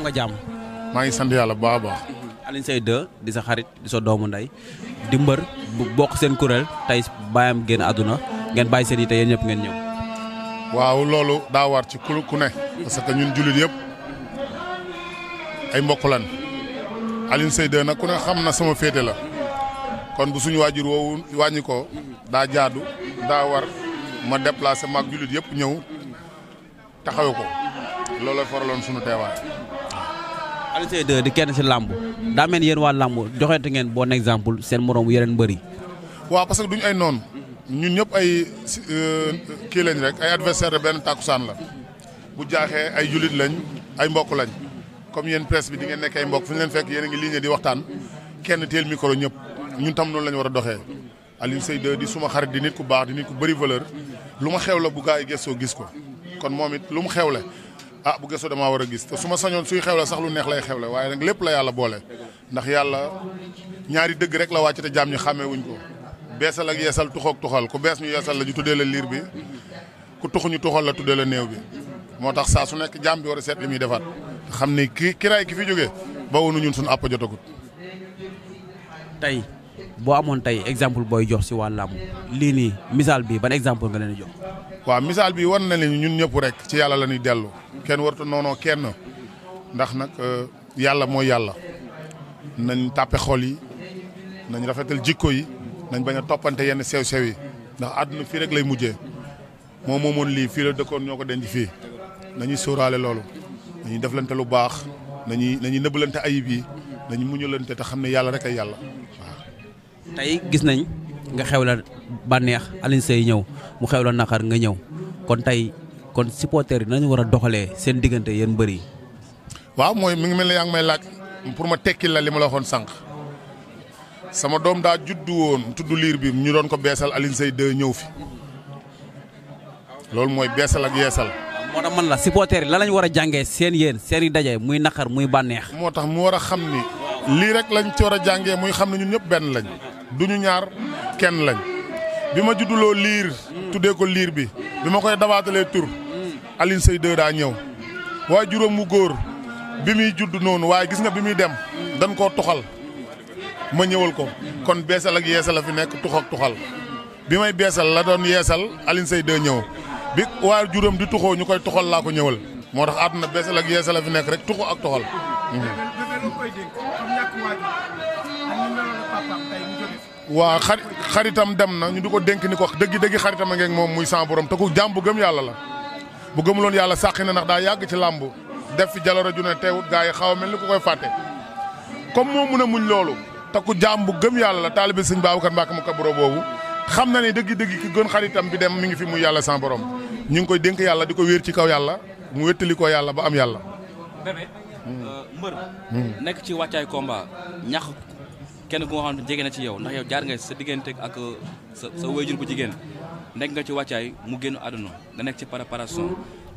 am nga jam ma ngi sant yalla ba ba a baax. de di sa xarit di sa doomu nday di mbeur bu bokk seen kuréel tey bàyyam génn àdduna ngeen bàyyi seen yite yéen ñëpp ngeen ñëw. waaw lolu da war ci ku ku ne. parce que ñun julit yep ay mbokk lan Alioune Seye de nak ku ne xam na sama fete la kon bu suñu wajur wo wañi ko da jaadu da war ma déplacer maag julit yep ñew taxaw ko lolu faraloon suñu téwaay Alioune Seye di kenn si làmb daa mel ni yéen waa làmb joxeete ngeen bon exemple seen moroom yeneen mbër yi. waaw parce que duñu ay noon ñun ñëpp ay euh, kii lañ rek ay adversaire de benn tàkkusaan la. bu jaaxee ay julit lañ ay mbokk lañ comme yéen presse bi di ngeen nekk ay mbokk fu ñu leen fekk yéen ngi liggéey di waxtaan kenn teel micro ñëpp ñun tam noonu la war a doxee Alioune Seye 2 di suma xarit di nit ku baax di nit ku bëri valeur lu ma xew la bu gaa yi gëstoo gis ko kon moom it lu mu xew la ah bu gëstu damaa war a gis te su ma sañoon suy xewle sax lu neex lay xewle waaye nag lépp la yàlla boole ndax yàlla ñaari dëgg rek la wàcc te jaam ñi xàmmee wuñ ko beesal ak yeesal tuxook tuxal ku bees ñu yeesal la ñu tuddee la liir bi ku tux ñu tuxal la tuddee la néew bi moo tax saa su nekk jaam bi war a seet li muy defaat xam ne ki kiraay ki fi jógee ba woonu ñun suñu àpp jotagut tey boo amoon tey exemple booy jox si waa lii nii misaal bi ban exemple nga leen jox. waaw misaal bi war na leen ñun ñëpp rek ci yàlla la ñuy dellu kenn wartu noonoo kenn ndax nag euh, yàlla mooy yàlla nañ tàppe xol yi nañ rafetal jikko yi nañ bañ a toppante yenn sew sew yi ndax àdduna fii rek lay mujjee moom moomoon lii fii la dëkkoon ñoo ko denc fii nañuy sóoraale loolu nañuy deflante lu baax nañuy nañuy nëbbalante ayib yi nañu muñalante te xam ne yàlla rek ay yàlla. tay gis nañ nga xewla banex aline sey ñew mu xewla nakar nga ñew kon tay kon supporter yi nañu war a doxalee seen diggante yéen waaw moy mi ngi melni yang may lak pour ma tekki la lima la xon sank sama dom da juddu won tuddu lir bi ñu doon ko beesal aline sey de ñew fi lol moy beesal ak yeesal. motax man la supporter la lañ wara jangé sen yeen seri seen muy nakar muy banex motax mu wara xamni li rek lañ ci wara jangé muy xamni ñun ñëpp ben lañ. du ñu ñaar kenn lañ bi ma judduloo liir tuddee ko liir bi bi ma koy dabaatalee tur Alioune Seye daa ñëw waaye juróom mu góor bi muy judd noonu waaye gis nga bi muy dem dañ koo tuxal ma ñëwal ko kon beesal ak yeesal la fi nekk tux ak tuxal bi may beesal la doon yeesal Alioune Seye ñëw bi waaye juróom di tuxoo ñu koy tuxal laa ko ñëwal moo tax àdduna beesal ak yeesal la fi nekk rek tuxu ak tuxal. wa xaritam dem na ñu diko ko ni ko deug deug xaritam ngeen mom muy sans borom te ko jàmm bu gëm yàlla la bu gëmuloon yalla sàqi na nak da yag ci làmb def fi jaloro ju ne teewut gaay xaw a mel ni ku koy fàtte comme mo meuna muñ lolu te ko jàmm bu gëm yàlla la taalibe sëñ Babacar Mbacke mu kaburo bobu xam na deug ki gën xaritam bi dem mi ngi fi muy yalla sans borom ñu ngi koy denk yalla diko wër ci kaw yalla mu ko yalla ba am yàlla hmm. euh, mbeur hmm. nek ci waccay combat ñax kenn ku nga xam ne jege na ci yow ndax yow jaar nga sa diggante ak sa sa wéyjur bu jigéen nekk nga ci wàccaay mu génn àdduna nga nekk ci préparation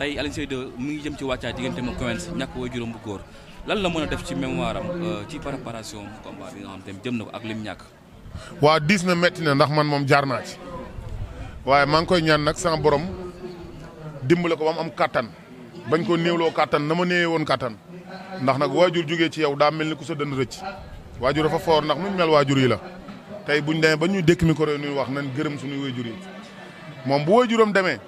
tey Alioune Seye 2 mu ngi jëm ci wàccaay diggante mu Quench ñàkk wéyjuram bu góor lan la mën a def ci mémoire am euh, ci préparation combat bi nga xam te jëm na ko ak lim ñàkk. waa diis na métti na ndax man moom jaar naa ci waaye maa ngi koy ñaan nag sama borom dimbale ko ba mu am kàttan bañ ko néewloo kàttan na ma néewee woon kàttan ndax nag waajur jógee ci yow daa mel ni ku sa dënd wajur dafa for nak nuñ mel wajur yi la tay buñ demee ba ñu mi ko yi ñuy wax nañ gërëm suñu wajur yi mom bu wajuram demé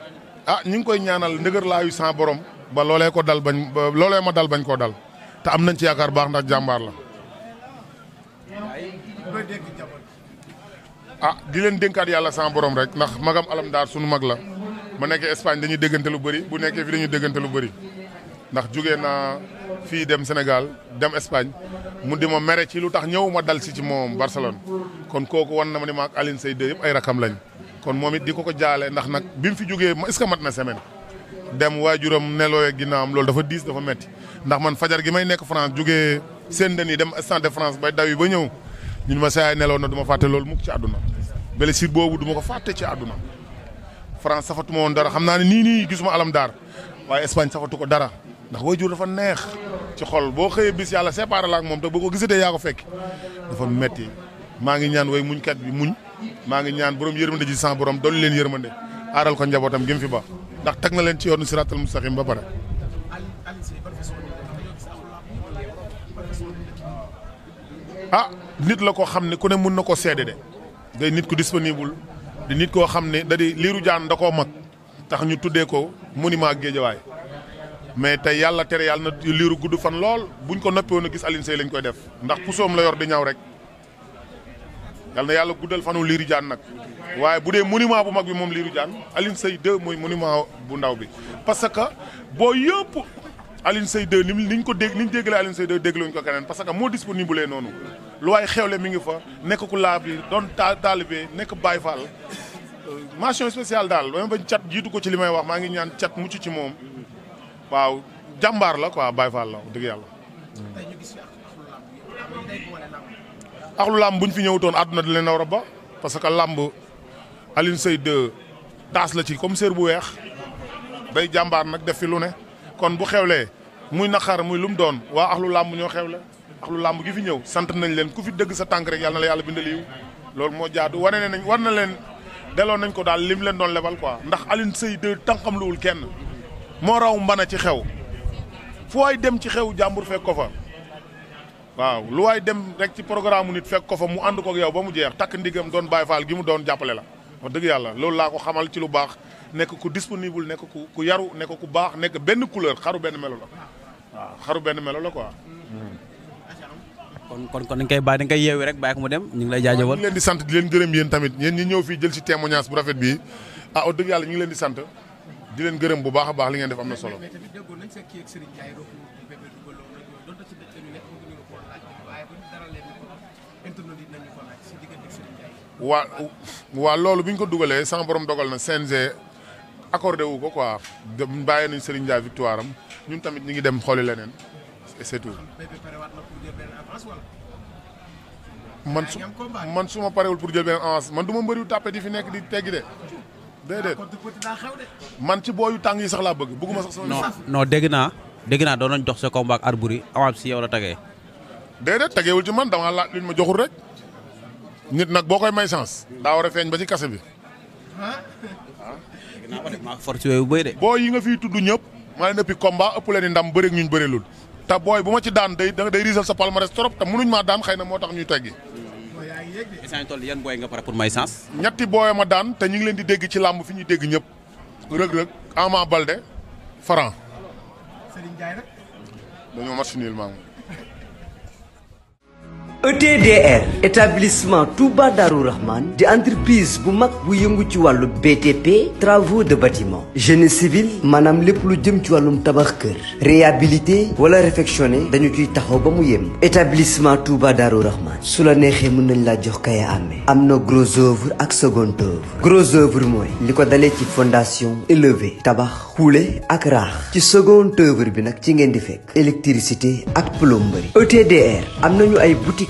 ah ñing koy ñaanal ndëgër yu sans borom ba lolé ko dal bañ lolé ma dal bañ ko dal ta am nañ ci yaakar baax ndax jambar la. ah di leen denkat yalla sans borom rek nak magam alam dar suñu mag la ma nekk Espagne dañuy déggante lu bari bu nekk fi dañuy déggante lu bari ndax jugé na fi dem Sénégal dem Espagne mu dima méré ci lutax tax ma dal ci ci mom Barcelone kon koku wan na ma ni ma ak Aline Seyde yëpp ay rakam lañ kon momit diko di ko ko ndax nak bi fi jugé est ce mat na semaine dem nelo ak ginnaawam loolu dafa 10 dafa metti ndax man fajar gi may nek France jugé Sen deni dem stade de France bay daw yi ba ñew ñun ma say nelo na duma faté fàtte mukk ci aduna belisir bobu duma ko faté ci aduna France safatuma woon dara xamna ni ni gisuma alam dar, waye Espagne safatu ko dara ndax wayjur dafa neex ci xol bo xeye bis yalla séparé la ak moom te boo ko ya ko fekk dafa metti ma ngi ñaan way kat bi muñ ma ngi ñaan borom yërmande ji sans borom dolli leen yërmande aral ko njabotam gim fi ba ndax tag na leen ci yoonu siratal mustaqim ba pare ah nit la ko xamné ku ne mun nako sédé seede de day nit ku disponible di nit ko xamné dadi liru jaan da koo mag tax ñu tuddé ko monument géejawaay mais tey yàlla tere yàlla na liiru gudd fan lool buñ ko noppi a gis Alioune Seye lañ koy def ndax pusoom la yor di ñaw rek yàlla na yàlla guddal fanu liiru jaan nag waaye bu dee monument bu mag bi moom liiru jaan Alioune Seye 2 mooy monument bu ndaw bi parce que boo yëpp Alioune Seye 2 ni niñ ko dégg ni ñu déggalee Alioune Seye 2 dégluñ ko keneen parce que moo disponible noonu lu waaye xewle mi ngi fa nekk ku laa bi doon ta taalibe nekk Baye Fall euh, mention spéciale daal dama bañ cat jiitu ko ci li may wax maa ngi ñaan cat mucc ci moom waaw jàmbaar la quoi Baye dëgg yàlla. axlu làmb buñ ñu fi ñëwutoon àdduna di leen a war a ba parce que làmb Alioune Seye 2 la ci comme séer bu weex bay jàmbaar nag def fi lu ne kon bu xewlee muy naqar muy lu doon waa axlu làmb ñoo xewle axlu làmb gi fi ñëw sant nañ leen ku fi dëgg sa tànk rek yàlla la yàlla bindal yiw loolu moo jaadu wane nañ war na leen delloo nañ ko daal lim leen doon lebal quoi ndax Alioune Seye 2 tànqam luwul kenn. moo raw mbana ci xew foo waay dem ci xew jàmbur fekk ko fa waaw lu waay dem rek ci programme mu nit fekk ko fa mu ànd ko ak yow ba mu jeex takk ndigam doon Baay Faal gi mu doon jàppale la wax dëgg yàlla loolu laa ko xamal ci lu baax nekk ku disponible nekk ku ku yaru nekk ku baax nekk benn couleur xaru benn melo la waaw xaru benn melo la quoi. kon kon kon dañ koy bàyyi dañ koy yeewi rek bàyyi ko mu dem ñu ngi lay jaajëfal. ñu leen di sant di leen gërëm yéen tamit yéen ñi ñëw fii jël ci témoignage bu rafet bii ah wax yàlla ñu ngi leen di sant. di leen gërëm bu baax a baax li ngeen def am na solo. waa waa loolu bi ñu ko dugalee sama boroom dogal na CNG accordé wu ko quoi dem bàyyi nañu Serigne Ndiaye victoire am ñun tamit ñu ngi dem xooli leneen et c'est tout. man su ma parewul pour jël benn avance man du ma mbëriwu tàppe di fi nekk di teggi de. déedéet man ci booyu tàng yi sax laa bëgg bëgguma sax. non non dégg naa dégg naa doon nañ jox sa combat ak Alboury amaat si yow la tagee. déedéet tageewul ci man dama laaj luñ ma joxul rek nit nag boo koy may chance daa war a ba ci kase bi. maa yi nga fiy tudd ñëpp maa leen ëppi combat ëpp leen ndam bëri ñuñ bërilul te booy bu ma ci daan day day riisal sa palmarès trop te munuñ maa daan xëy na moo ñuy teggi instant toll yan booy nga pare pour may sens. ñetti booy a daan te ñu ngi leen di dégg ci làmb fi ñuy dégg ñëpp. Reug Reug Ama Balde Franc. Serigne dañoo match nul maam. ETDR établissement Touba Darou Rahman de entreprise bu mag bu BTP travaux de bâtiment génie civil Manam lépp lu jëm ci wàllum tabax kër réhabilité wala réfectionné dañu ciy taxaw ba mu établissement Touba Darou Rahman sous la neexee mën nañ la jox kaya Nous avons gros œuvre ak second œuvre gros œuvre moi li fondations ci fondation élevée tabac roulé ak raax ci second œuvre bi nag ci di électricité ak plomberie ETDR nous avons ay boutique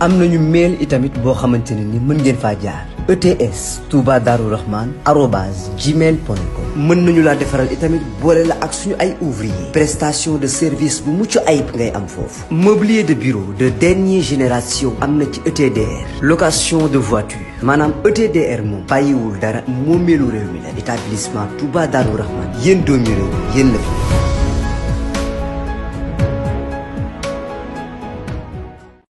am na nañu mail itamit boo xamante ne ni mën ngeen faa jaar ETS Touba Darou Rahman arobase gmail point mën nañu laa defaral itamit boole la ak suñu ay ouvrier prestation de service bu mucc ay ngay am foofu mobilier de bureau de dernière génération am na ci ETDR location de voiture maanaam ETDR moom bàyyiwul dara moomeelu réew mi la établissement Touba Darou Rahman yéen doomi réew yéen fi